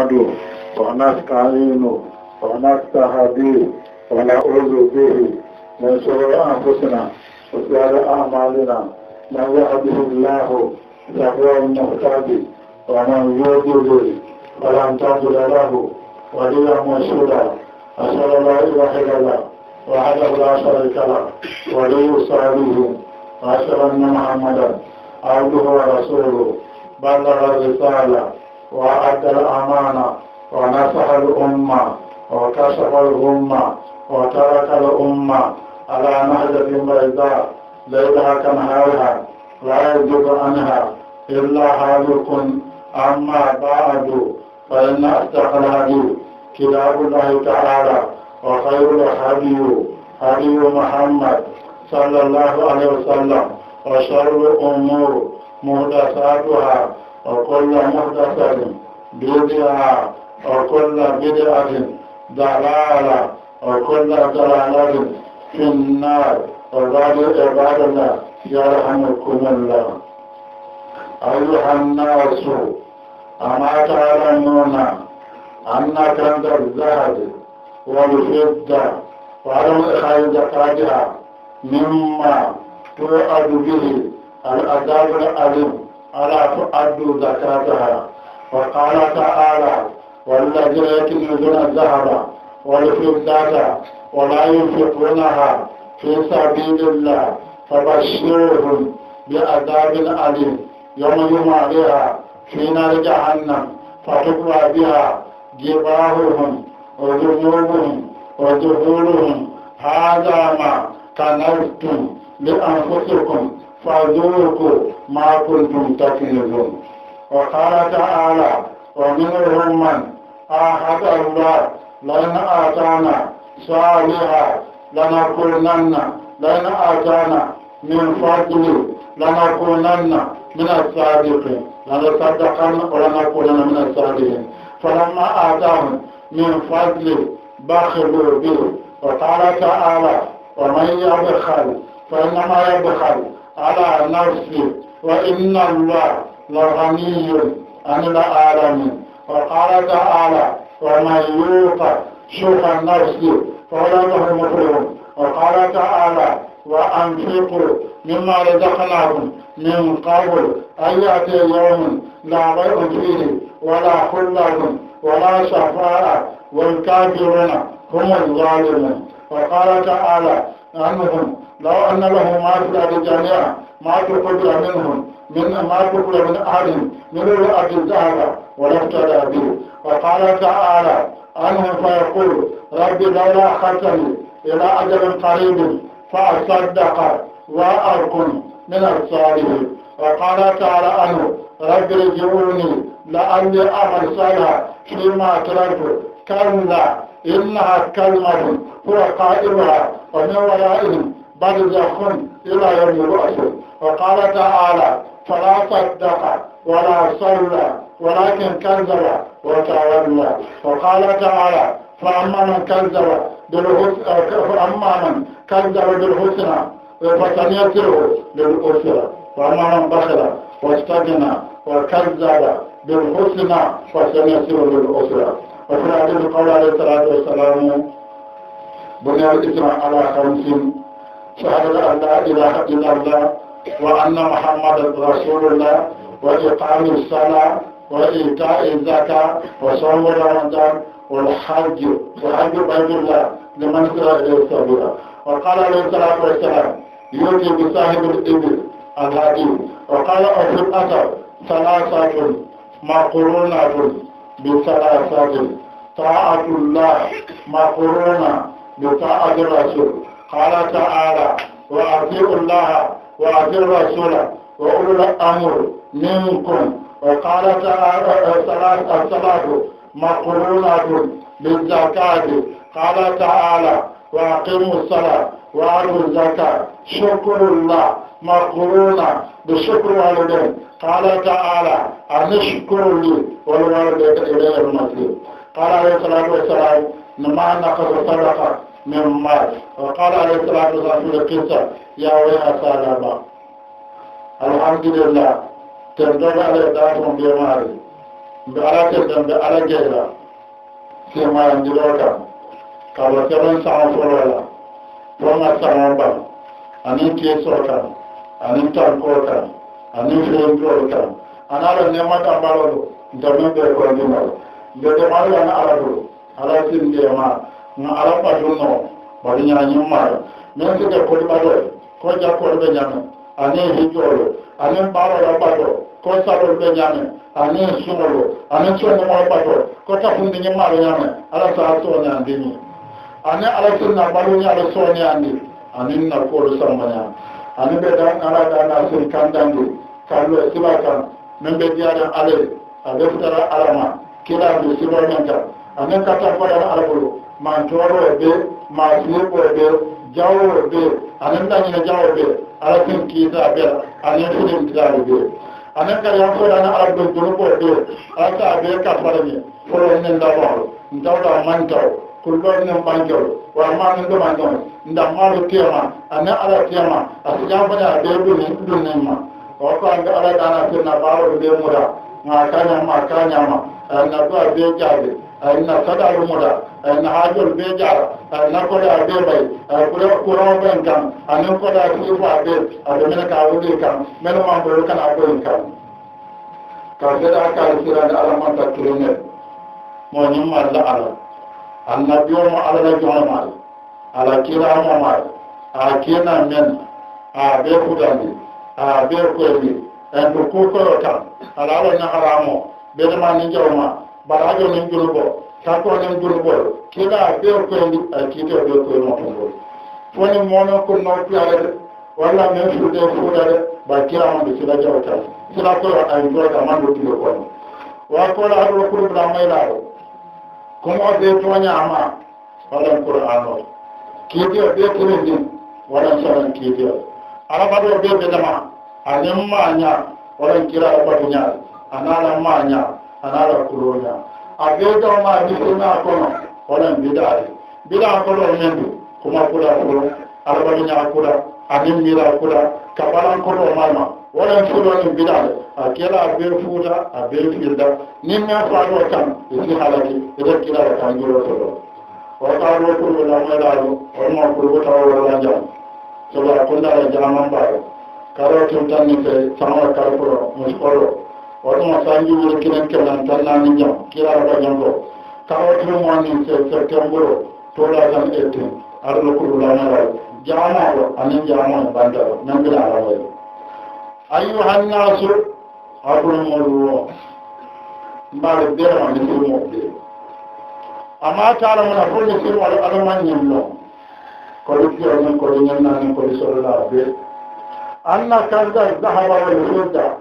نحمده ونستعينه ونستهديه ونعوذ به من شرور أنفسنا وسائر أعمالنا من يهده الله فهو المهتدي ومن يضلل فلن تجد له وليا مرشدا أشهد أن لا إله إلا الله وحده لا شريك له ولي صالحين وأشهد أن محمدا عبده ورسوله بلغ الرسالة وأدى الأمانة ونصح الأمة وكشف الغمة وترك الأمة على مهجة بيضاء ليلها كنهارها لا يجب عنها إلا هالك أما بعد فإن أصدق الهدي كتاب الله تعالى وخير الهدي هدي محمد صلى الله عليه وسلم وشر الأمور محدثاتها وكل محدثة بدعة وكل بدعة ضلالة وكل ضلالة في النار وبعد عباد الله يرحمكم الله أيها الناس أما تعلمون أن كنز الذهب والفضة والخيزقات مما تؤد به الأداب الأليم على تؤدوا زكاتها وقال تعالى والذين يكنزون الذهب والفضة ولا ينفقونها في سبيل الله فبشرهم بعذاب أليم يوم يوم عليها في نار جهنم فتقوى بها جباههم وجنوبهم وجهولهم هذا ما كنزتم لأنفسكم فذوقوا ما كنتم تكذبون وقال تعالى ومنهم من آهد الله لن آتانا صالحا لنكونن لن آتانا من فضل لنكونن من الصادقين لنصدقن ولنكونن من الصادقين فلما آتاهم من فضل بخلوا به وقال تعالى ومن يبخل فإنما يبخل على نفسه وإن الله لغني عن العالمين وقال تعالى ومن يوق شوق النفس فولده مكرم وقال تعالى وأنفقوا مما رزقناكم من قبل أن يأتي يوم لا بيع فيه ولا خلة ولا شفاء والكافرون هم الظالمون وقال تعالى أنهم لو أن له ما تكاد جميعا ما تقبل منهم من ما تقبل من أهلهم من أبي الذهب ولافتدى به وقال تعالى عنهم فيقول ربي لولا أخرتني إلى أجل قريب فأصدق وأركن من الصالحين وقال تعالى عنه رب ارجعوني لأني أعمل صالحا فيما تركت كلا إنها كلمة هو قائلها ومن ورائهم بل زخم إلى يوم الرؤية وقال تعالى فلا صدق ولا صلى ولكن كذب وتولى وقال تعالى فأما من كذب فأما من كذب بالحسنى فسنيسره للأسرة وأما من بخل واستغنى وكذب بالحسنى فسنيسره للأسرة وفي هذه القول عليه الصلاة والسلام بني الإسلام على خمس شهادة أن لا إله إلا الله وأن محمدا رسول الله وإقام الصلاة وإيتاء الزكاة وصوم رمضان والحج وحج بيت الله لمن سر إليه السبيل وقال عليه الصلاة والسلام يؤتي بصاحب الإبل الهدي وقال وفي الأثر ثلاثة مقرونة بثلاثة طاعة الله مقرونة بطاعة الرسول قال تعالى وأطيعوا الله وأطيعوا الرسول وأولو الأمر منكم وقال تعالى الصلاة الصلاة مقرونة بالزكاة قال تعالى وأقيموا الصلاة وأعطوا الزكاة شكر الله مقرونة بشكر والدين قال تعالى أن اشكر لي والوالد إليه المصير قال عليه الصلاة والسلام ما نقص صدقة من مال وقال عليه الصلاة والسلام في القصة يا ويا سالما الحمد لله تردد على دارهم بمال بألا تردد على جيلا فيما يندلوك قال كمن سعى فرولا وما سعى با أنين كيسوكا أنين تنكوكا أنين فينكوكا أنا لن يمت أمبالو دمين بيكوكا جدمان لن أردو على سنجيمان na araba duno bari nya nyu ma ne ke de ko ba do ko ja ko be nya ne ane hi jo lo ane ba ba ba do ko sa ko be nya ne ane su mo lo ane chu ne ma ba do ko ta fu nya ma lo nya ne ala sa to na de ni ane ala tu na ba lo nya lo so nya ne ane na ko lo sa ma nya ane be da na ra da na su kan dan du ka lo si ba kan men be dia da ale ale fu ta ra ala ma kila du si ba nya ta ane ka ta ko da ala mantoro e ɓe ma sirɓo e ɓe jawo e ɓe anen ɗanina jawo ɓe ala ken kiita ɓel anen fuɗen ɗiɗaɗo ɓe anen kadi han fof ana ala ɗo dunuɓo e ɓe ala sa ɓe kafarani foro enen labaɗo ntawɗa mantaw kulɗoɗinen ɓankewɗo wamma nen ɗo ɓankewo ndammaɗo tema anen ala tema asi janfani a ɓe ɗuni ɗunnen ma o ko anga ala ɗana firna bawaɗo ɓe muɗa ma kañamma kañama na ba be jabe na sada rumoda na hajol be jara na ko da be bay kula kula ban kan an ko da ki ba be kan. kan a da mena ka wudi kan mena ma ko kan abu kan ka da da ka tsira da alama ta kirene mo nyum ma da ala annabi mo ala da jona ma ala kira mo ma a kina men a be ku da ni a be ku da ni en ko ko kan. ta ala na haramo bedema ni jawma eh, barajo ni jurugo tako ni jurugo kila be ko ni akite do ko no ko woni mono ko no tiare wala men su de fudare ba kira on be sila jawta sila ko wa ay jura da mando ti ko ni wa ko la do ko da mai la do ko mo de to nya ma wala qur'an do kiti o be ko ni wala sala kiti o ara ba do be de ma anyamma anya wala kira ba ko nya anala manya anala kulonya ageda ma diko na kono wala bidari bila kono nyembu kuma kula kulo arabani nya kula anin mira kula kabalan kono mama wala fulo ni bidari akela abe futa abe filda nimma faro tan isi halaki ida kila tan juro solo wata ro kulo la mala ro ma kulo ta wala jam solo akunda la jaman ba karo tun tan ni fe sama karo muskoro waɗuma sañjiwuro kinen kelan tannani jam kirara dañan ko kawatinomoni septembre toulasan ettin arlo kulu lanaray jamaɗo anin jamoe bandaɗo nandiraramoy ayuhannasu aɗumoru o mbaɗe berma misirmoɓe amma talamona fo misirmoɗo aɗumanñin no koɗi fiyanin koɗi ñannanin koɗi sollaɓe anna kanda dahaɓawal hudda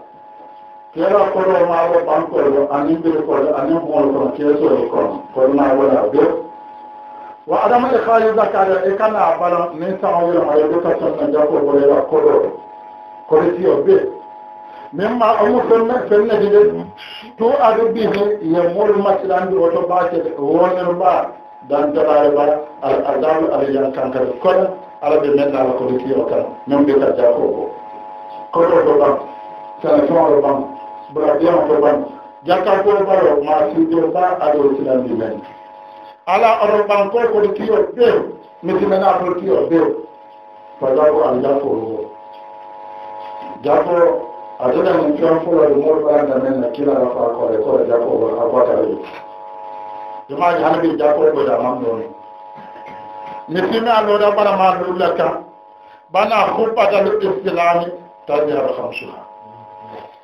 kera koɗoo maa o ɓankoɗo amin birkoɗo amin hoono kono keesoye kono kono maa wona do wa adama e kaali zakare e kana balan min sama wiyama yo dokatonno jakkogolera koɗoɗo kono tiyo be min ma omu fenne fennede de to ado bihe yo moɗo maccilandi o to baakede wonen mba dan jaɓare ba adamu alayan kankade kono alaɓe mennaala kono tiyo kan min mbita jakkogo koɗoɗo ɓan sene toro ɓanu bara jama ko ban jakka ko baro ma sido ba ado silan di men ala or ban ko ko kiyo be mi tin na ko kiyo be fa da ko an da ko jako ado da mun kiyo fo la mo ba da men na kila ra fa ko ko da ko ba ha ba ka re jama jana bi jako ko da mam don mi tin na lo da bara ma lo la ka bana ko pa da lo islami tajara khamsuha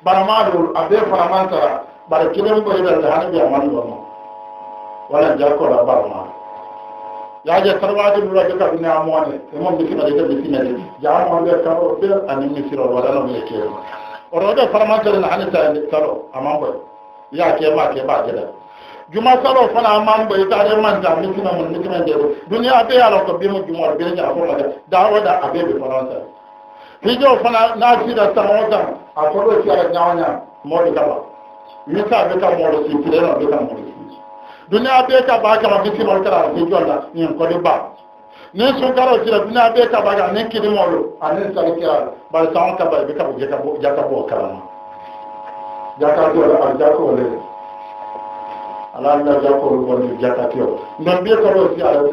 baramaɗol abe faramantara bara kilen ɓoyɗerde hana mbiya manɗono wala jakkoɗa baramaɗo yaaje sarwaade ɗuraje kaɓe neamoone e moom misiɗaɗe keɓe sinede jamoɓe karo ɓe anin misirol waɗanamo e keema otoɓe faramantare ne hani tae karo amamboy ya keema keɓa geɗal juma salo fana amamboy taade manta misina mum misina ndeɗo duniya ɓe ala ko bimo jumore ɓe ña fomade dawoɗa aɓeɓe faramantare hijo fana n'a sira san o san a tɔgɔ sira ɲɔgɔn na mɔdi kama misa bɛ ka mɔdi si tile la bɛ ka mɔdi si duniya bɛɛ ka ba kama misi mɔdi kɛra hijo la nin kɔni ba ni sun kɛra o sira duniya bɛɛ ka ba kan ni kiri mɔdi ani sali kɛra bari san ka ba i bɛ ka bɔ jaka bɔ jaka bɔ kalama jaka t'o la a jaka o le ala ni jaka o kɔni jaka t'o la mɛ bi kɔrɔ o si ala ni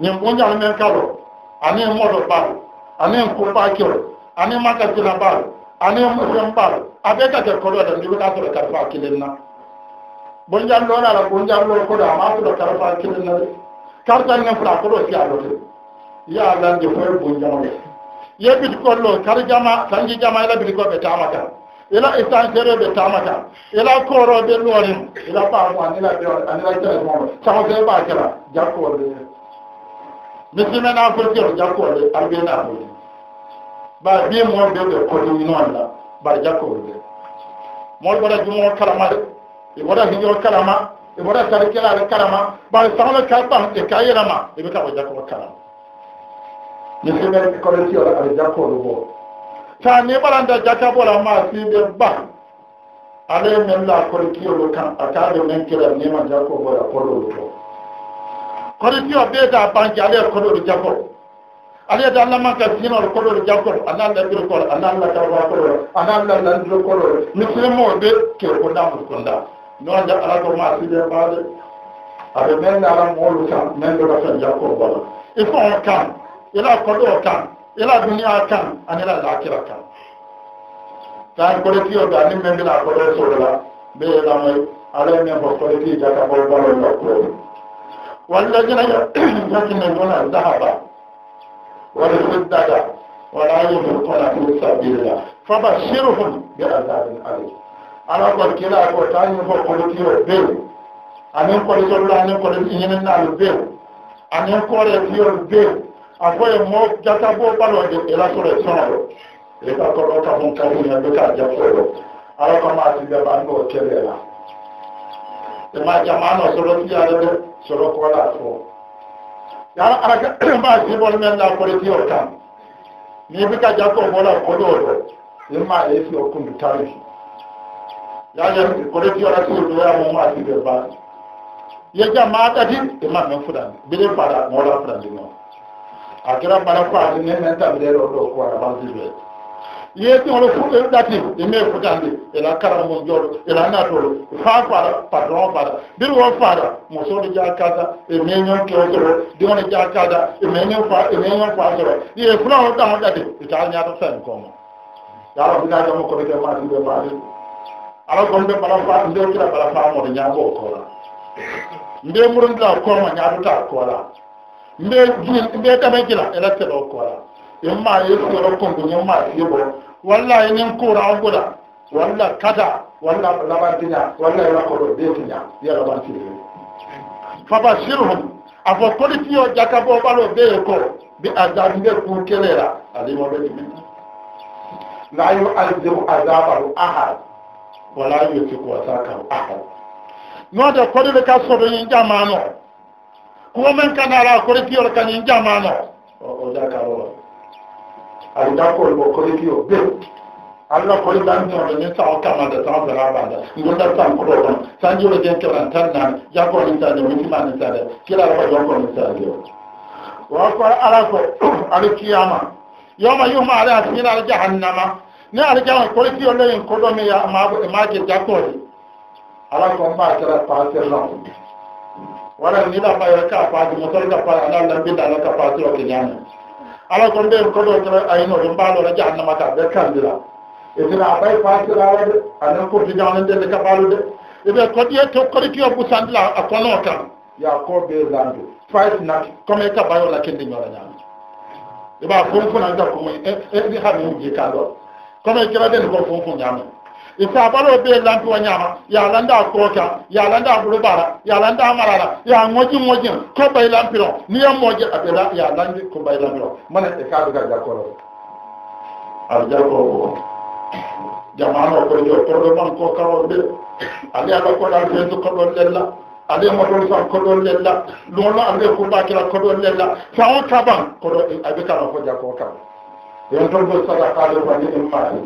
nin kun ɲagamɛ ka don ani mɔdɔ ba anin kumbakiro anin makasina baro anin musen baro abe kake koɗoɗe ndiɓe ka soɗo karfa kilinna bon jallore ala bon jallore koɗo ama soɗo karfa kilinna de kartan nen fula koɗo si alote ya lande foye bon jamole ye bitikollo kar jama sanji jama ila bitikoɓe tamata ila istansereɓe tamata ila koroɓe lorin ila bamo anila ɓe anila jere momo sahoseɓa kela jakkorde misina na afirki o jako le arbe na abuli ba bi mo be be ko ni la ba jako le mo bara jumo kalama e bara hijo kalama e bara tarikela le kalama ba sawla ka pa e kayela ma e be ka o jako kalama misina ko le ti o la jako le bo ne bara nda jaka bola ma si be ba ale men la ko le ti o kan aka de men ne ma jako bola ko lo koritiyo ɓeyda banque ala yeɗa koɗoɗo jaggol ala yeɗa allamanka sinor koɗoɗo jaggol ana laɓiri kol ana allah dawa koɗoɗo ana allah landiro koɗoɗo misilimo ɓe kew gondamuɗo gonda noonde ala ko ma siɗe maɗe aɓe men ara moolu kan men ɗoɗa fen jaggol bala il faut on kan ila koɗo kan ila duniya kan anila lakira kan tan koritiyo والذين يكنزون الذهب والفضة ولا ينفقون في سبيل الله فبشرهم بعذاب أليم ala kɔni kila a ko taa ɲɛfɔ kɔlɔki o bewu ani kɔlɔsɔlɔ ani kɔlɔsi ɲinina o bewu ani kɔrɛ fi o bewu a fɔ ye mɔ jata bɔ balo de ela sɔrɔ sɔngɔ rɔ e ka kɔlɔ ka mun ka mun ya bɛ k'a jɛ fɔlɔ ala kama a ti bɛɛ b'an b'o kɛlɛ la jama jama no soro ti ala do soro ko la so yara ara ba si bol men la ko ti o tan ni bi ka ja ko bola ko do do yima e fi o kun tari ya ja ko ti ora ti do ya mo ma ti be ba ye jama ta ti ma men para mo la fudan no para pa ni men ta bi le do ko ara ba ti ihe ɗati ime futandi ila karamol jooɗo ila natolo faa faada patron faada biri wo faada musolu jaa kasa imeñon kewo soro diŋolu jaa kasa imeñon fa imeñon faa soro ye fulaŋo ɗaŋo ɗati itaa ñaata fen koma ala gon ɓe bala faa nde kira bala faamoto ñaabo koola mbe murundila koma ñaatutaa koola mbe mbe tame kila ela seɗo yamma ye soro konko yamma ye bo walla enen kura abuda walla kada walla labantinya walla ela koɗo betinya ye labantiri fabashirhum afo kolitiyo jaka bo ɓalo beye ko bi azabi ɓe ku kelera alima ɓe ɗumen la yu'azibu azabahu ahad wala yutiku wasakahu ahad noode koɗele ka soɗo yin jamano kuwo men kanara kolitiyol kañin jamano o jakaro alidako o kori ki o beu alla kori ban ni o ni sa o kama da sa o bala ba da ngo da san ko don san jiro den ke ran tan nan ya ko ni tan ni ma ni tan kila ba jo ko ni tan yo wa ko ala ko al kiyama yawma yuhma ala asmina al jahannama ni al jahannama kori ki o le ko do me ya ma ma ke ja ko ni ala ko ma tara pa ser la wala ni la ba ya ka pa di ala kon ɓe koɗo kira ayino ɗum mbaɗoɗo jahannamata ɓe kandira e sina aɓay fasirala de anen kurtijanen de ɓe kaɓalu de eɓe koɗiye to koɗitiyo ɓusandila a kono kan ya ko ɓe zandu fight nat comme e kaɓayola kendi ñola ñami eɓa fon fona jakkumu e ɗi hamin jikaɗo comme e kira den ko fon fo ñamen isa balo be lanto nyama ya landa koka ya landa bulubara ya landa marala ya ngoji ngoji ko bay lampiro ni ya moje abela ya landi ko bay lampiro mana e ka do koro, jakoro ar jakoro jamano ko jo tordo man ko kawo be ali ala ko dal fen ko do lella ali mo don sa ko do lella lolo ali ko ba kira ko do lella fa on kaban ko do abi kala ko jakoro kaw yon tordo sala ka do ba ni imma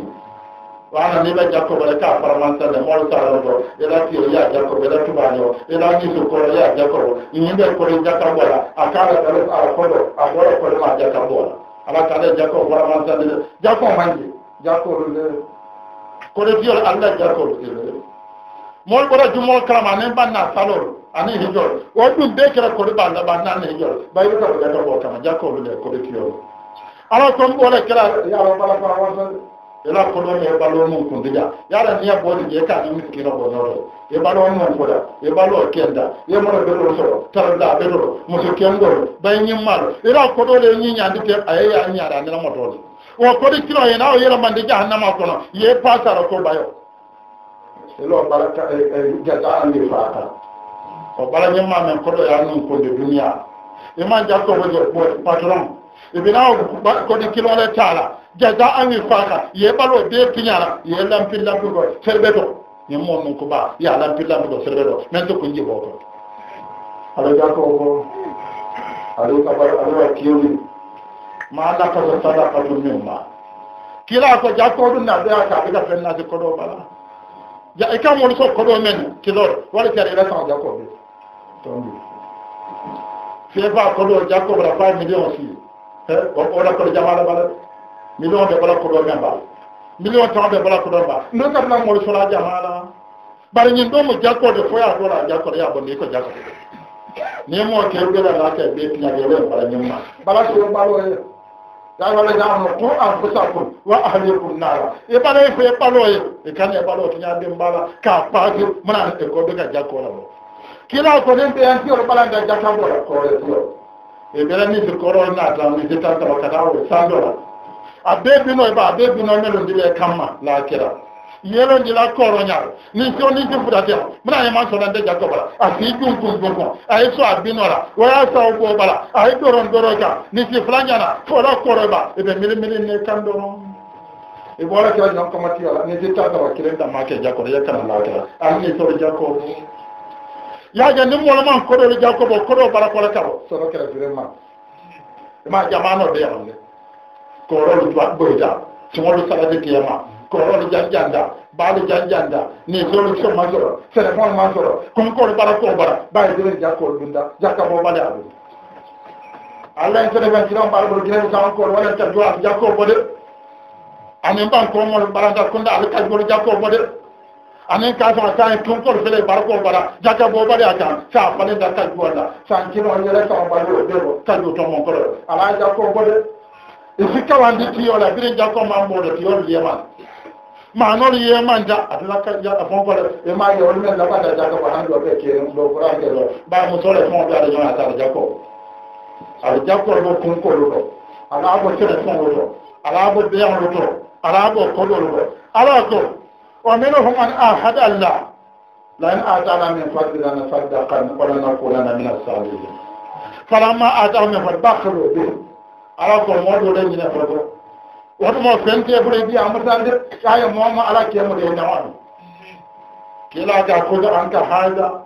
wana ni ɓe jakkoɓe ɗe ka paramanselle mol saraloto eɗa tiyo ya jakkoɓe ɗe tubaño eɗa ñisukoro ya jakkoɓo yimɓe kori jakkambola a kaɗa ɗale ara koɗo a ɗoro kolema jakkambola ala kaɗe jakko paramanselle ɗe jakko manje jakkoɗo nde koɗe tiyol allah jakkoɗo ɗe mol ɓora jummol karama nen banna salol ani hijol o ɗum ɓe kera koɗe ɓalla ɓannanne hijol ɓayɓe kaɓe jakkambo kama jakkoɗo nde koɗe tiyol ala comme ɓole kera yaɓa ɓala paramansalle ila kodo ne balo mun kundiga yara ni ya bodi je ka ni miskino ko noro e balo mun koda e balo kenda e mo be do so tarda be do mo so kendo bay nyi mal ila kodo le nyi nyandi te ayya nyi ara ni mo tole o kodo kiro ye na o yera mande jahannama ko no ye pasara ko bayo ilo baraka e, e jaza ni fata o bala nyi ma men kodo ya nun ko de dunya e ma jakko ibinawo kodi kilole tala jaza an faka ye balo be pinyala ye lampil lampil do serbeto ni mo non ko ba ya lampil lampil do serbeto men to ko njibo ko ala ga ko ko ala ka ba ala kiyoni ma la ka sadaqa tu mimma kila ko jakko dum na be aka ga fenna ko do bala ja e kam woni so ko do men kilor wala tare ila sa jakko be to mbi fe ba ko do jakko bala 5 million si wona koto jamala bala million ɓe ɓala koɗo men mbal million tan ɓe ɓala koɗo mbal ndo tarlamol sola jamala bara ñin ɗo mo jakkode foya tola jakkode ya bonndi ko jakkode ni mo kewɗela lake ɓe piñagewen bara ñimma bala soo ɓaloye ya wala jamo ko anfusakum wa ahlikum nara e ɓala e fo e ɓaloye e kane e ɓalo tiñaɓe mbala ka paakir mona e koɓe ka jakkola mo kila ko nen ɓe an tiyoto ɓalande jakkandola koore tiyo e bela ni sirkoro naata ni jeta taba kata o sandola a bee bino ba a bee bino melondila e kamma laakira yelondila koroñal nin so nin ti futatema mina yema sonande jakko bala a si jum tum jum kon aye so a binola waya saw ko bala aye doron doro ka ni si fulañana fola koro ba eɓe mili mili ne kan doron e yaja ndin wolman koɗole jakobo koɗo bara kola kabo sono kere vraiment ma jamanode yamanle korolu boyta sumolu salade kiyama korolu janjanda baalu janjanda ni solu somma soro téléphone ma soro comme kolu bara ko bara baye jere jakkol dunda jakkabo bale a ɗum allah en tene fen kiran mbaɗa ɓol guineɓe sawankol waɗanta duwa jakkol bode amin ɓan komol mbaranta kunda ala kajbol jakkol bode anin ka sa ta tun ko fele barko bara jaka bo bari aka sa fane da ka juwala san kino on yele sa ba yo dero ka do to mon ko ala ja ko bo de ifika wan di tiyo la birin ja ko ma mo de tiyo le ma ma no le ma ja atla ka ja afon ko e ma yo ne la ba da ja ko han do be ke do ko ran ke do ba mo to le fon da le ma ta ja ko ala ja ko do kun ko do ala bo tere fon do ala bo be an do ala bo ko do ala ko ومنهم من ان الله لأن آتانا من فضل لنا صدقا ولنقولن من الصالحين فلما آتاهم من فضل بخلوا به على كل مرض ولن ينفضوا وهذا ما فهمت يقول لي أمر ذلك كأي مهم على كيما ينعون كلا تأخذ عنك هذا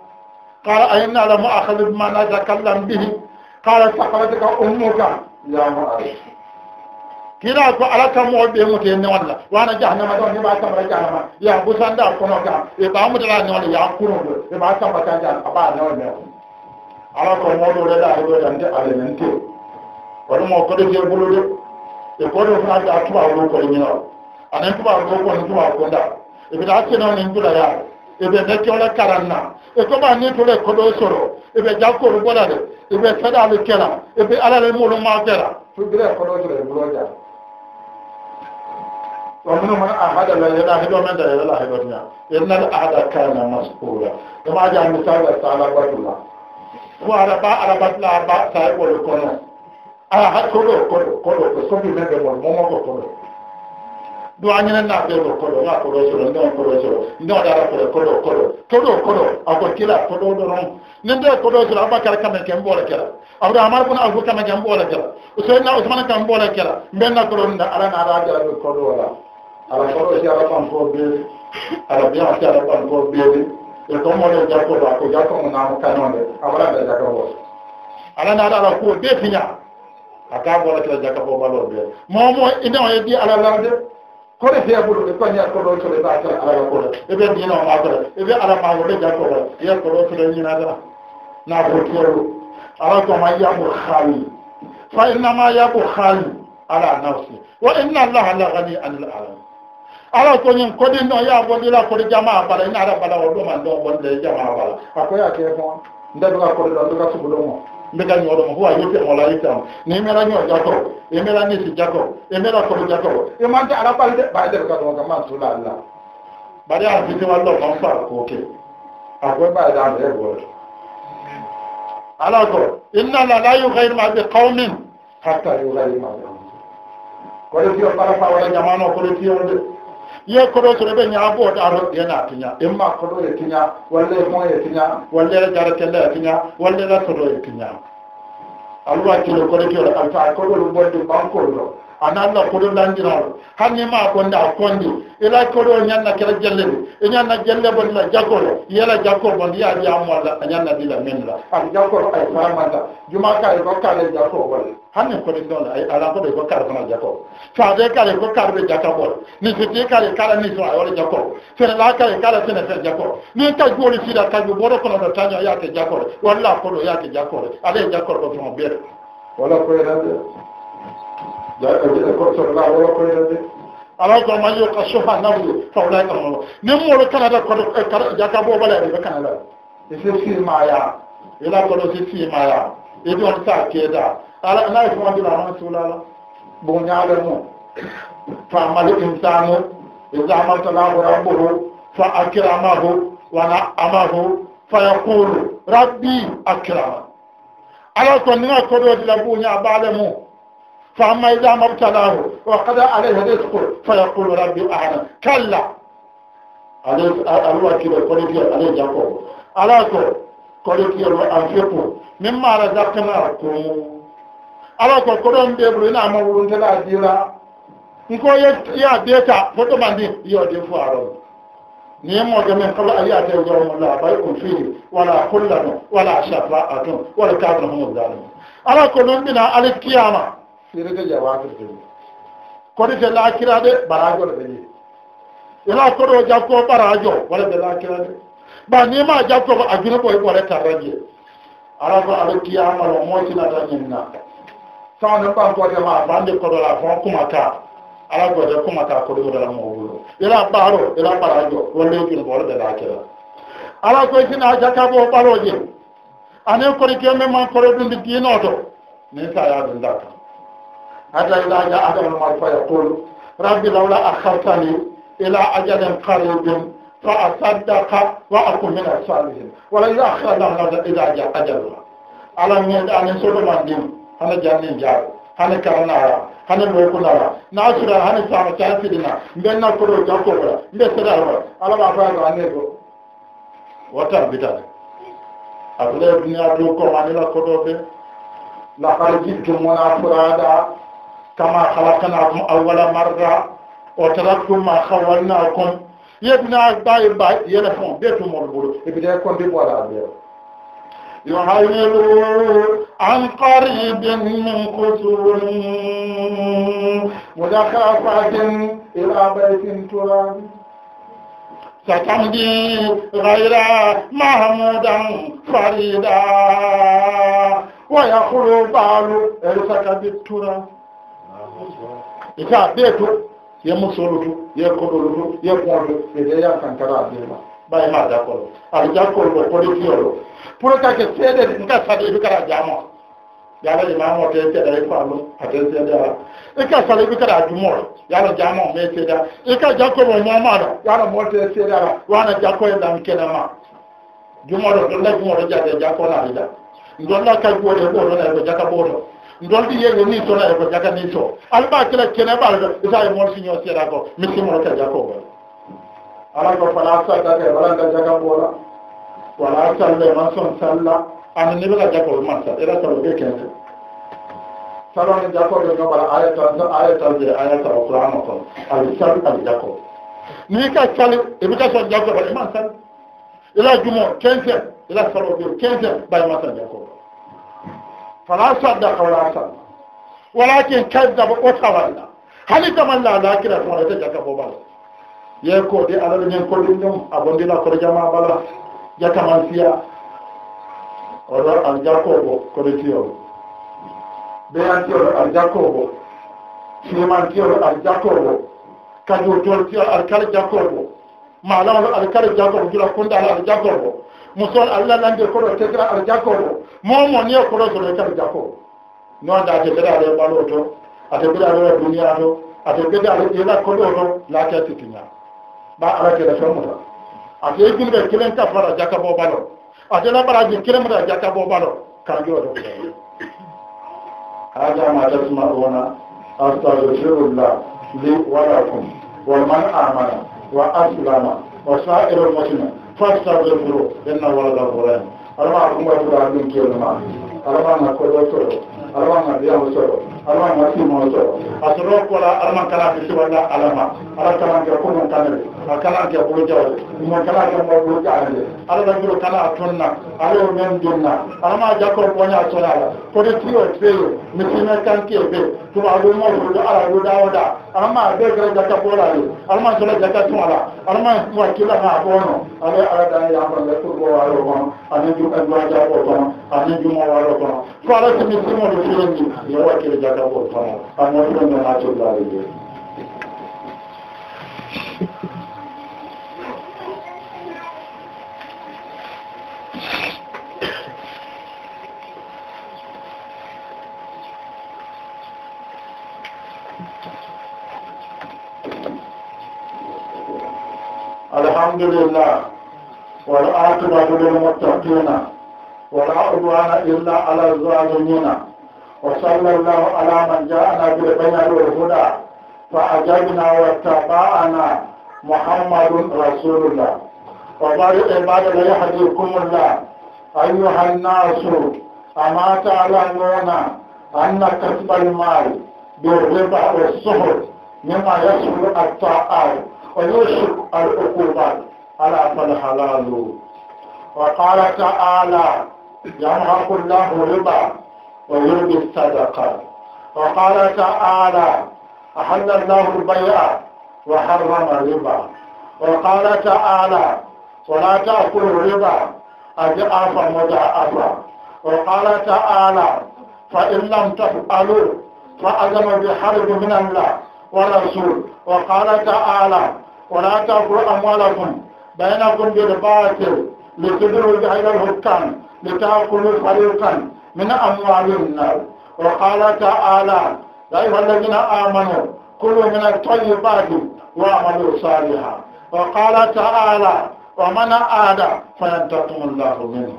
قال أين على مؤاخذ بما نتكلم به قال سحرتك أمك يا مؤاخذ kila ko ala kam oh, mo be mute ne walla wana jahannama don ne ba kam ra jahannama ya busanda kono ga e ba mu dala ne walla ya kuno do e ba kam ba ta ja aba ne walla ala ko mo do da do dan de ala nan te wala mo ko de je bulu de e ko do fa da tuba wo ko ni na anan tuba ko ko ni tuba ko da e bi da ke no ni tuba ya e be ne ke ola karanna e ko ba ni tu le ko do soro e be ja ko ru bola de e be sada le kera e be ala le mo lo ma kera tu bi le ko do to bulu ja ومن من أحد لا يلاحظ ومن لا يلاحظ إن الأحد كان مسؤولا كما جاء مثال تعالى الله وعلى با على با لا با سايب ولا aha kodo kodo kodo ko sobi mebe mo momo ko kodo do anyina na be ko kodo na kodo so ndo kodo so ndo dara kodo kodo kodo kodo kodo ako kila kodo do ron nende kodo so abakar kame ke mbola kela abdu amar kuna abu kame ke mbola kela usayna usman kame mbola kela mbenna kodo nda ala na ala jara kodo wala alakɔrɔ si alapan kɔ beere alabiyan si alapan kɔ beere ètò mɔ ne jako do ako jako mu na kanyɔn dɛ abala bɛ jaka bɔ ala n'a dala ko bɛɛ fi nya a k'a bɔra kira jaka bɔ balo bɛɛ mɔɔ ye di ala la dɛ kɔni fɛn bolo de kɔni b'a kɛ ala ka ko la i ma sɔrɔ i bɛ ala ma wele jako ye kɔlɔn sɔrɔ i ɲinɛ dɛ ko tiɲɛ ala ko ma xaali fa inama yako xaali ala n'a wa inna lahala ka ni ani ala ala ko ñin kodi no ya bondila kodi jama bala ina ara bala wodo man do bonde jama bala akoya ke fon ndaduga kodi do ndaduga subulo mo mbega ñoɗo mo huwa yotti mola yittamo ni mela ñoo jakobo e mela nisi jakobo e mela kobo jakobo e mante ara ɓalde ɓayde ɓe kadi oga man suula allah mbaɗi a fiti wallo man fa koke akoye ɓaydande e goto ala ko innala la yuhayre ma ɓe qawmin hatta yuhayre ma ɓe koɗo tiyo ɓara fa wala ñamano koɗo tiyonde ye kodo sore be nya bo da ro ye na tinya e ma kodo ye tinya walle mo ye tinya walle ye jara tele ye tinya walle ye kodo ye tinya alwa kilo kodo kilo alfa kodo lu bo du ban kodo ana allah koɗo landiraɗo hanni ma ko nda kondi ila koɗo ñanna kela jelle ɗo e ñanna jelle bon la jakkoro yela jakkor bon ya jamolla a ñanna dila min la ak jakkor ay faramanda juma kare ko kale jakko bolle hanni koɗo ɗon ay ala koɗo ko kare fana jakko fade kare ko kare ɓe jakka bolle ni siti kare kala ni so ayole jakkoro fene la kare kala fene fe jakkoro ni ka joli sida kaju boɗo kono ɗo taño yake jakkoro walla koɗo yake jakkoro ala jakkoro ɗo fomo ɓeere wala koye rande alaaka ma yi ka sofa na wuli ka wula ka mɔlɔ ni mɔlɔ kana da kɔdɔ kara jaka bɔ bala yɛrɛ kana la i se fi ma ya i la kɔdɔ se fi ma ya i dɔn ta kɛ da ala n'a ye kuma di la a ma su la la bon nya bɛ mɔ fa mali insaanu izama tala wara bolo fa akira ma ho wana ama ho fa ya kuru rabbi akira ala kɔni ka kɔdɔ di la bon nya a b'ale mɔ. فأما إذا ما ابتلاه وقضى عليه رزقه فيقول ربي أعلم كلا أليس ألوى كده كوليكي أليس يقول ألاكو كوليكي أنفقوا مما رزقناكم ألاكو كلهم بيبرو إنا مولون تلا ديلا nko ya beta foto mandi yo de fuaro ni mo ga men kala ali ate go mo la bay kun fi wala kullan wala shafa'atun wala kadra hum zalim ala ko non bina al qiyamah sirede je watirteni kodite laakirade barajo ɗo ɓe jii ila koɗo jakko barajo wala ɓe laakirade ɓa nima jakkoɓo a juna ɓoye ɓore tarraje ala ko aɗa kiyamal o moytinata ñinna sawne ɓankotema bande koɗola fon kumata ala gote kumata koɗoɗola la wulo ila ɓaaro ila barajo walla yokino ɓo wala ɓe laakira ala koye sina jakkaɓo ɓaroje anen koɗe kemme man koɗo ɗumde diinoto min sa yaade dakka حتى إذا جاء أجل الموت فيقول رب لولا أخرتني إلى أجل قريب فأصدق وأكون من الصالحين يأخر أخرنا إذا جاء أجلها على من أن سوره من دين هذا جانين جار هذا كرنا هذا بيكونا ناشرة هذا سامة تأثيرنا بيننا كل جاكورا بيسرعوا على ما فعل عنه وتر بيتنا أقول ابن أبوكم أنا لا كروبي لا خارجي كمونا فرادا كما خلقناكم أول مرة وتركتم ما خولناكم يبنى باي باي يلفون بيتو مربوط يبدا يكون دي ولا بيو يعيروا عن قريب من قتل مزخرفة إلى بيت تراب ستمضي غير محمودا فريدا ويخرج بال سكة التراب ita ɓee to ye musolu to ye koɗolu to ye kuŋolu ede ya kankara e a ɓeema ɓay ma dakolo aɗa jakolo ɗo koɗi fiyolo pour que ke seede nka sadi ibi kara jama yala imamo te seeɗa i faalu ate seedara ika sadi ibi kara jumoɗo yala jama me seedara ika jakkomo momaɗo yala mote seedara wana jakkoye ɗam kenema jumoɗo ɗonna jumoɗo jade jakkona aɗa ja ɗonna kay goɗe ɓoɗona ko jaka ɓoɗo ndoldi yeyo ni tona e ko jaka ni to alba kala kene ba alba isa e mon sinyo sera ko misi mo ka jako ba ala ko fala sa da de wala da jaka bola wala salle man son salla an ni bala jako man sa era to be kene salon jako be no bala ala to ala to be ala to qur'an ko al sal al jako ni ka sal e bi ka son jako ba man sal ila jumo kenze ila salo be kenze ba man sa jako fala saddaka wala salla walakin kadaba o tawalla hani tamalla lakira tawalata jaka bo bala ye kodi alaɗa ñen kodɗin ɗum a bondila koto jama bala jakaman fiya oɗo al jakkobo koɗo tiyoɓo beyantiyoɗo al jakkobo fimantiyoɗo al jakkobo kadurtol tiyo al kala jakkobo malamaɗo al kala jakkobo jula kundala al jakkobo musol alla lande koɗo tegra aɗa jakkoɗo momo ni e koɗo soɗo kaɗa jakko noon da ate ɓeɗa aɗa ɓalo to ate ɓeɗa aɗa duniya to ate ɓeɗa aɗa ƴela koɗo to laake sikkiña ɓa ala keɗa femmuta ate yimɓe kilen kafara jakka bo ɓalo ate laɓaraji kilemata jakka bo ɓalo kanjuro to hajama tasmauna astagfirullah li walakum wa man amana wa aslama wa sa'iru muslimin fastaghfiru innahu huwal ghafurur rahim alama kuma tura dun ke ma alama na ko do to alama na biya so alama na ti mo so asro ko la alama kala ke wala alama ala kala ke ko non kala akala ke ko jaw mo kala ke mo ko jaw ala da ko kala tonna ala men donna alama ja ko ko nya so ala ko de tiyo tiyo mi na kan ke be alama a bɛɛ kɛra jata bɔ la ye alama kɛra jata tuma la alama kuma kila k'a bɔ nɔ ale ala dan ye an bɛ ko bɔ wa yɔrɔ kɔnɔ ani ju ɛduraja bɔ kɔnɔ ani juma wa yɔrɔ kɔnɔ fo ala tɛmɛ sɛmɛ de filɛ nin ye wa jata bɔ kɔnɔ a ɲɛ filɛ nin n'a cogo la de ye. الحمد لله والعاقبة للمتقين ولا عدوان إلا على الظالمين وصلى الله على من جاءنا بالبيان والهدى فأجبنا واتقاءنا محمد رسول الله وبارك عباد الله يهديكم الله أيها الناس أما تعلمون أن كسب المال بالربا والسهر مما يسهل الطاعات ويشرك العقوبات على فالحلال وقال تعالى يمحق الله الربا ويربي الصدقة وقال تعالى أحل الله البيع وحرم الربا وقال تعالى ولا تأكل الربا اجعف مجعفا وقال تعالى فإن لم تفعلوا فأذن بحرب من الله ورسول وقال تعالى ولا تأكلوا أموالكم بين الغنب الباطل لتدرج إلى الحكام لتأكل فريقا من أموال النار وقال تعالى يا أيها الذين آمنوا كلوا من الطيبات وعملوا صالحا وقال تعالى ومن آدى فينتقم الله منه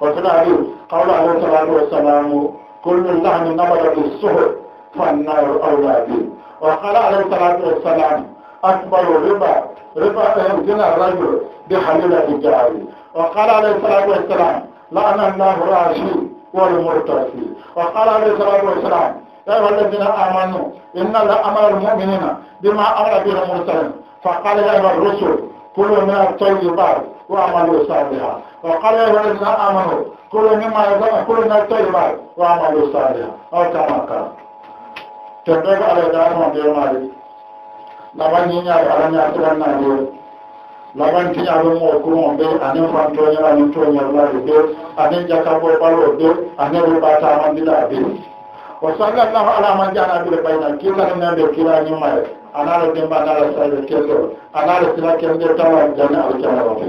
وفي الحديث قال عليه الصلاة والسلام كل الله اللحم نبت بالسهر فالنار أولى به وقال عليه الصلاة والسلام أكبر ربا رفعت يمكن الرجل بحليلة الجعالي وقال عليه الصلاة والسلام لعن الله راشي والمرتشي وقال عليه الصلاة والسلام أيها الذين آمنوا إن لأمر المؤمنين بما أمر به المرسلين فقال يا أيها الرسل كلوا من الطيبات وعملوا صالحا وقال يا أيها الذين آمنوا كلوا مما يزعم كل من الطيبات وعملوا صالحا أو كما قال تبقى على دائما بيوم عليك labanñiñaaɓe alaña tirannaaɓe labantiñaaɓe mo kumo ɓe anen fantoñe anen toñerlaaɓe ɓe anen jakabo ɓalo ɓe anen ruɓatamandiɗaa ɓe o sallallahu ala man janaɓire ɓaynan kiitananaɓe kirañumaye anaala demba anaala saɓe kelɗo anaala sila kelɗe tawa jane alkanaote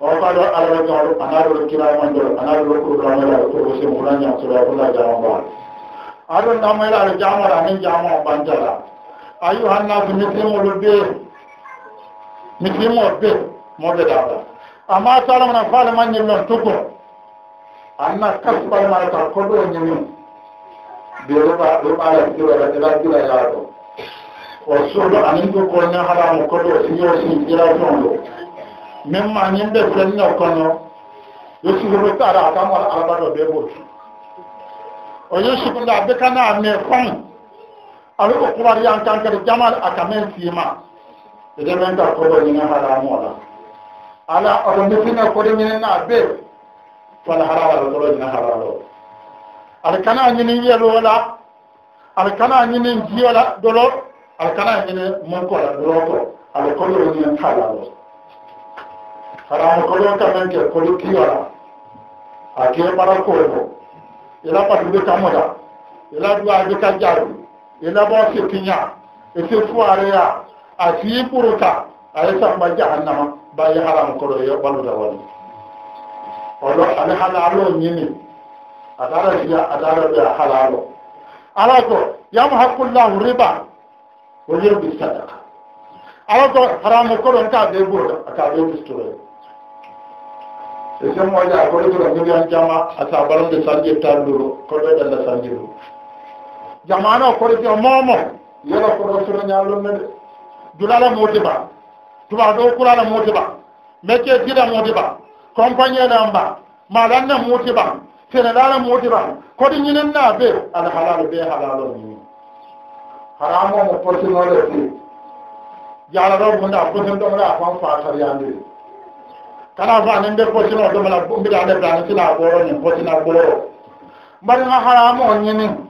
o faɗo alaɗo anaɗo kiramanɗo anaɗo kurɗamaɗa togo se mulaña sura fulla jamambaal aɗon ɗamaɗaɗo jamara anen jamo bantala ayuha nasu mitimolu be mitimo be moɓe dada amma salamana faala mañil noon tugun anna kasbalmara ta ko ɗo ñamin ɓe ruɓa ruɓala jirala ila jira yaaɗo o suuɗo anin ɗo ko ñahalamo koɗo siñoo sin jira toon ɗo min ma ñimɓe fenno kono yo suguɓe ara atamol albaɗo ɓe ɓoti o yo sugunɗa ɓe kana mais fan ala ko kurari an kan kadi jamal aka men fima ede men ta ko ni na hala mola ala o ni fina ko na be wala harala do ni na harala ala kana ni ni yelo wala ala kana ni ni jiyala dolo ala kana ni ni mon ko la dolo ko ala ko ni ni hala do haram ko do ta men ke ilabɔ si tinya isi fuwariya a si buruta a yi sanba jahannama ba yi haram kɔrɔ ya balu da wani ɔlɔ ale halalo ɲini a taara biya a taara biya halalo ala ko yamu hakulahu riba o ye bi sadaka ala ko haramu kɔrɔ nka bɛ buruta a ka bɛ bisitoro isi mɔja a kɔrɔ tora miliyɔn caman a sa balan de sanji jamano koriti o momo yela ko rasulu ñallonne de dulala motiba tuba ɗo kurala motiba mecce dida motiba compagnie ɗan ba malanna motiba senelala motiba koɗi ñinen na be ala halalu be halalo ni haramomo portinole fi jalaɗo gunda potin ɗomra fan fa sariyandiri kana fa nin be potino ɗomla mbiɗa ɗeɓɗani sila ɓoro nin potina ɓoro mbaɗiga haramo ñinin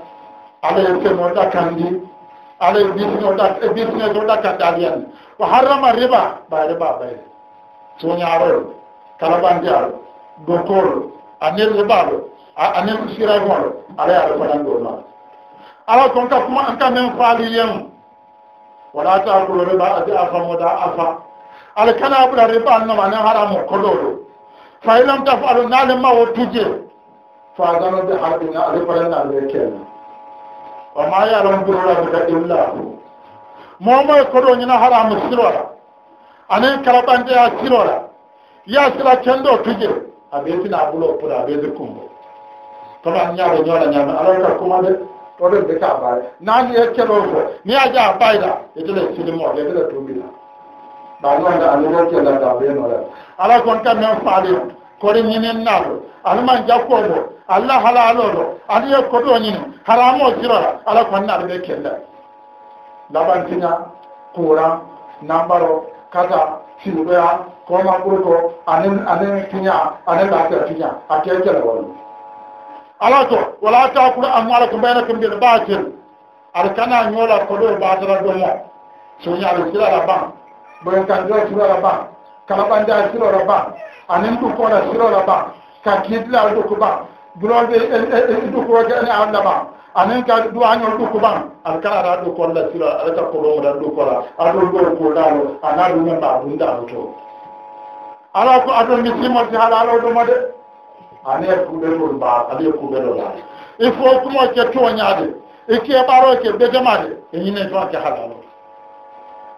ala ye fɛn wɛrɛ da kan di ala ye business wɛrɛ da business wɛrɛ da kan di ale yan wa harama riba ba riba ba ye soɲaaro ye kalabandiya doko ye ani riba ye ani siragɔ ye ala y'ale fana d'o la ala ko n ka kuma n ka mɛn fali yɛn wala ta kulo riba a ti afa mɔda afa ale kana bila riba nama ni haramu kolo do fa ilam ta fɔ ale n'ale ma o tuje fa a kana bɛ hali na ale fana n'ale kɛ la wa ma ya'lamu junuda illa hu momoye koɗo ñina haramu sirola anen karaɓante ya sirola ya sila kendo tuje a ɓetina ɓulo puɗa a ɓeede kumbo kono an ñaaɗo ñoola ñaami alay ka kuma de oɗon de ka baye naani e keɗon fo ni a jaa bayda yetele silimoɗe yetele tumbila ɓa noonde anndenen kellanɗa ɓeenoɗa ala kon kam men faali on kore ñinen naalo alaman jakkoɗo allah halaloɗo aɗa ye koɗo ñino haramo jirora ala konni aɗa ɓe kella laɓantiña kuran nambaro kata siruɓeya koma ɓurko anen anen tiña anen laatira tiña a kekele wallu ala to wala takuru amma ala ko mbayna ko mbiɗa ɓaatir aɗa kana ñoola koɗo ɓaatara ɗomo soñi aɗa sirara ban kalabanda sirora ba anin dukola sirora ba ka kidla duku ba durolɓe dukuroke ene allah ba anin ka duwañol duku ba alka ara dukolla siro alaka kolomoɗa dukola aɗol gol kuldalo ana ɗumen mba bundalo to ala ko aɗol misimolti haala alawɗoma de anaye kuɓeɗol mba alaye kuɓeɗola il faut kumo ke toñade e keɓaro ke ɓegemade e ñinen toon ke haalalo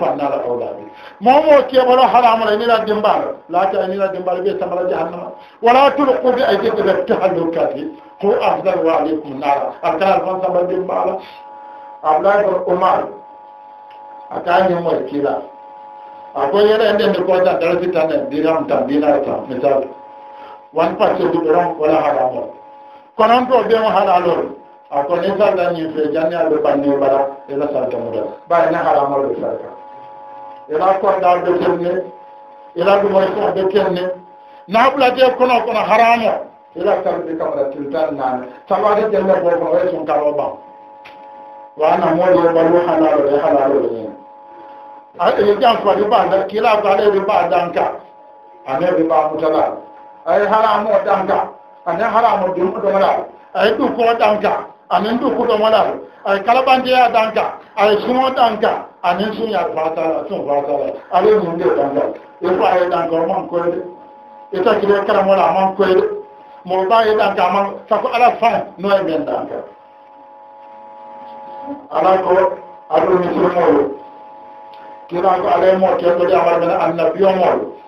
فانا لا اولى به مومو كي بلا حرام لا نيرا ديمبار لا تي نيرا ديمبار بي سمرا جهنم ولا تلقوا بايديكم التهلكات هو افضل عليكم النار اكثر من سمرا ديمبار عبد الله بن عمر اكان يوم الكلا اكو يرا اند اند كو جاتا تاني ديرام تام دينار تام مثال وان باتو دوران ولا حرام كونان تو بيو حلال أكون إنسان لا يفعل جنيا بالبني ولا إلا سالك مدرس. بعدين حرام الله سالك. ila konda be kenne ila ɗumoy fo be kenne naɓulate kono kono haramo ila kalɓe kamara tiltan nane sawade jelle bo kono way sun karo ɓam wana moƴo balu halalole halalole ñen ae jan fadi ɓa kila ko aɗeɓe ɓa danka aneɓe ɓa mutalal ay haramo danka ane haramo dumoɗomaɗal ay ɗu ko danka anen du kutomola ay kalabanteya danka ay sumo danka anen suya fatala sun fatala ale munde danka ifo aye danka oman koyde ita kide karamola aman koyde moba ye danka aman sako ala fan noye men danka ala ko aɗu misrimolu kiran ko alay mo kettode amar mene annabiyomol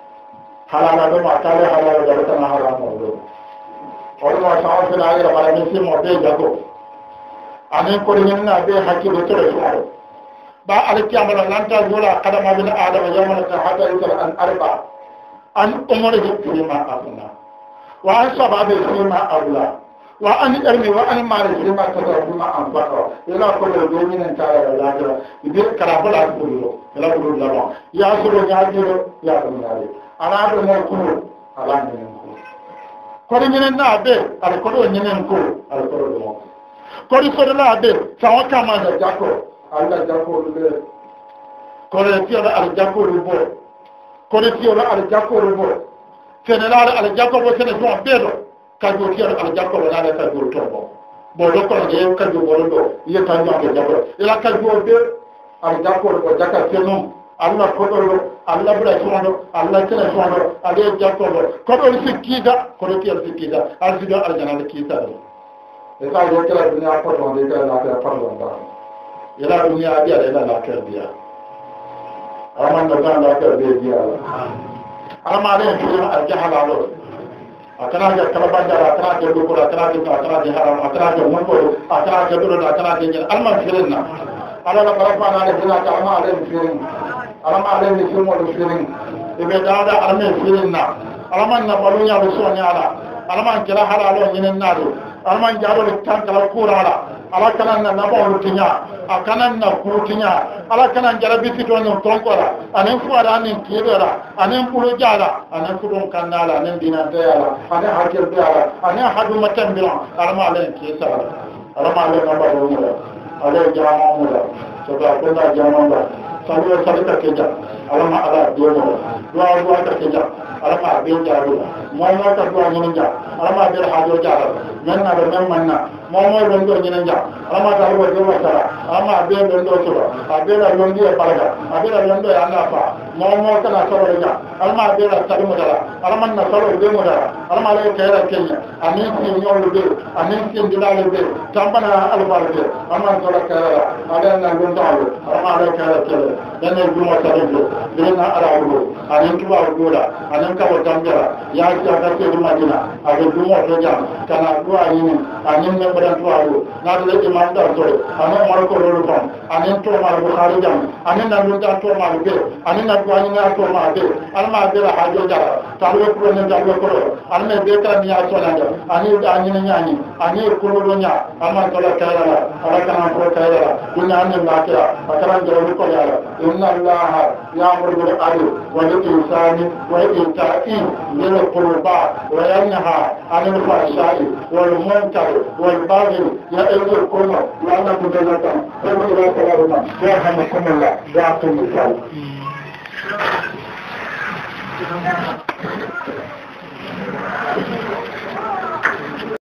halala ɗum a kale halala jaɓetana haramol ɗum oɗuma sawo filaira ɓara misimo ɓe jago anen kono nenna ɓe hakkille tere ɗum ara ba ala kiyamala lanta jola kadamaɓene adama yamanata hata ikala an arba an umore jeɓɓirima abla wa an sababe jeɓɓirima abla wa an ermi wa an mare jeɓɓirima tasarabima an bakra yala kolle ɓe minen tarara lajara ɓe kala bala ɓurlo yala ɓuru laba yasoro ñaɗiro yasoro ñaɗi ala ɗo nen kono ala minen ko kono minen na ɓe ala koɗo ñenen ko ala koɗo ɗumo kori fodela be sawa kama na jako alla jako be kore ti ala al jako bo kore ti ala al jako bo kene la al jako bo kene to be do ka do ti ala al jako la la ka do to bo bo do ko de ka do bo do ye ka do al jako ila ka do be al jako bo jaka tenu alla kodoro alla bra sono alla tena sono ale jako kodoro sikkida إذا يوكل الدنيا فرضا ليس الآخرة فرضا إلى الدنيا أبيض إلى الآخرة بيا أما نزال الآخرة بيا أنا ما عليه كلمة الجهل على أتراجع كلبان جرا أتراجع دكتور أتراجع أتراجع حرام أتراجع منبر أتراجع دولة أتراجع جل ألم فيرنا على ربنا على فيرنا كأما عليه فيرنا ألم عليه فيرنا ولا فيرنا إذا جاء ألم فيرنا ألم أن بلونا بسوني على ألم أن جل حرام وين النادو alman jaɓole kankala kurala ala kanan na naɓawolu tiña a kanan na kuru tiña ala kanan jara bisito nin tonkora anin fuwara anin kiɓera anin ɓulo jala anin fuɗon kannala anin dinanteyala anin hakkilɓeyala anin haɗuma tembiran alama alen kisala alama alen naɓaɗomuɗa alen jamamuɗa soto a kunna jamamuɗa sabuɗo salita keja alama ala domoɗa duwa duwa ka keja alama a ɓen jaruɗa moy mo tax do ñu ñaa alama jël ha do jaar ñan na do ñan man na mo moy do ñu ñaa alama tax do ñu ma sala alama be do ñu ci ba a be la ñu ñe pa la ga a be la ñu do ya na pa mo mo ta na so do ñaa alama be la sa mu dara alama na so do mu dara alama lay kay ra kay ñaa amin ci ñu ñu do amin ci ñu dalal do tambana alama do amma so la kay ra a na ñu do alama lay kay ra kay ñaa ñu mo ta do ñu na ara do amin ci ba do da amin ka bo tambara ya kerja kaki rumah kita. Ada semua kerja. Karena tua ini, angin yang berada dua itu. Nanti lagi mandar tu. Anu malu tu lorong. Angin tu malu tu hari jam. Angin dan tu jam tu malu tu. Angin dan tua ini tu malu tu. Alam ada lah hari jam. Tahu tu pun yang jam tu pun. Alam yang betul ni aso ni jam. Angin itu angin ni angin. Angin itu lorongnya. Alam tu lah kaya lah. Alam kan aku kaya lah. Ini ni nak kaya. Akan jauh tu kaya lah. Inna Allah ya murid ayu. Wajib insan ini. Wajib insan ini. Jangan والبعض وينهى عن الفحشاء والمنكر والبغي يعظكم وأنكم بذلكم فاذكروا كلامنا يرحمكم الله يعطيكم الخير Thank you.